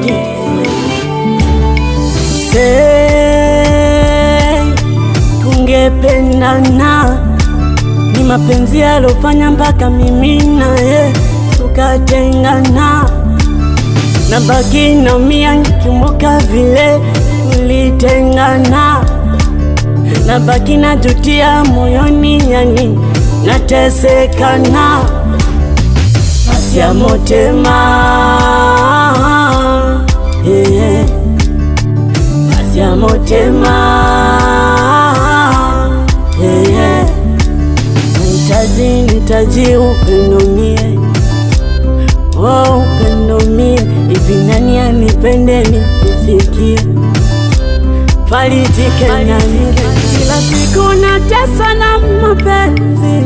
body. Say, tungependana ni mapenzi yalofanya mpaka mimi naye tukatengana, na baki na mia nikumbuka vile tulitengana, na baki na jutia moyoni, yani natesekana, basi ya motema asya motema ntazi ntaji ukandomie oh, ukandomie ivi nani anipendeni isikie falijike nani kila siku natesa na mapenzi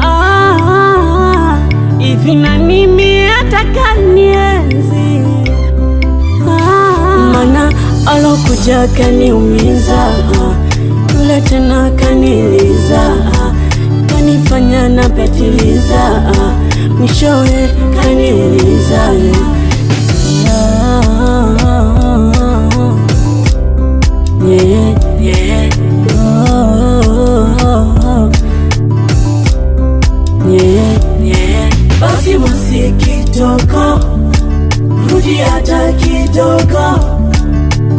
ah, ah. na mimi atakanie kuja kaniumiza, kula tena kaniliza, kanifanya na mishoe mwishowe kaniliza basi msikitoko rudi hata kidogo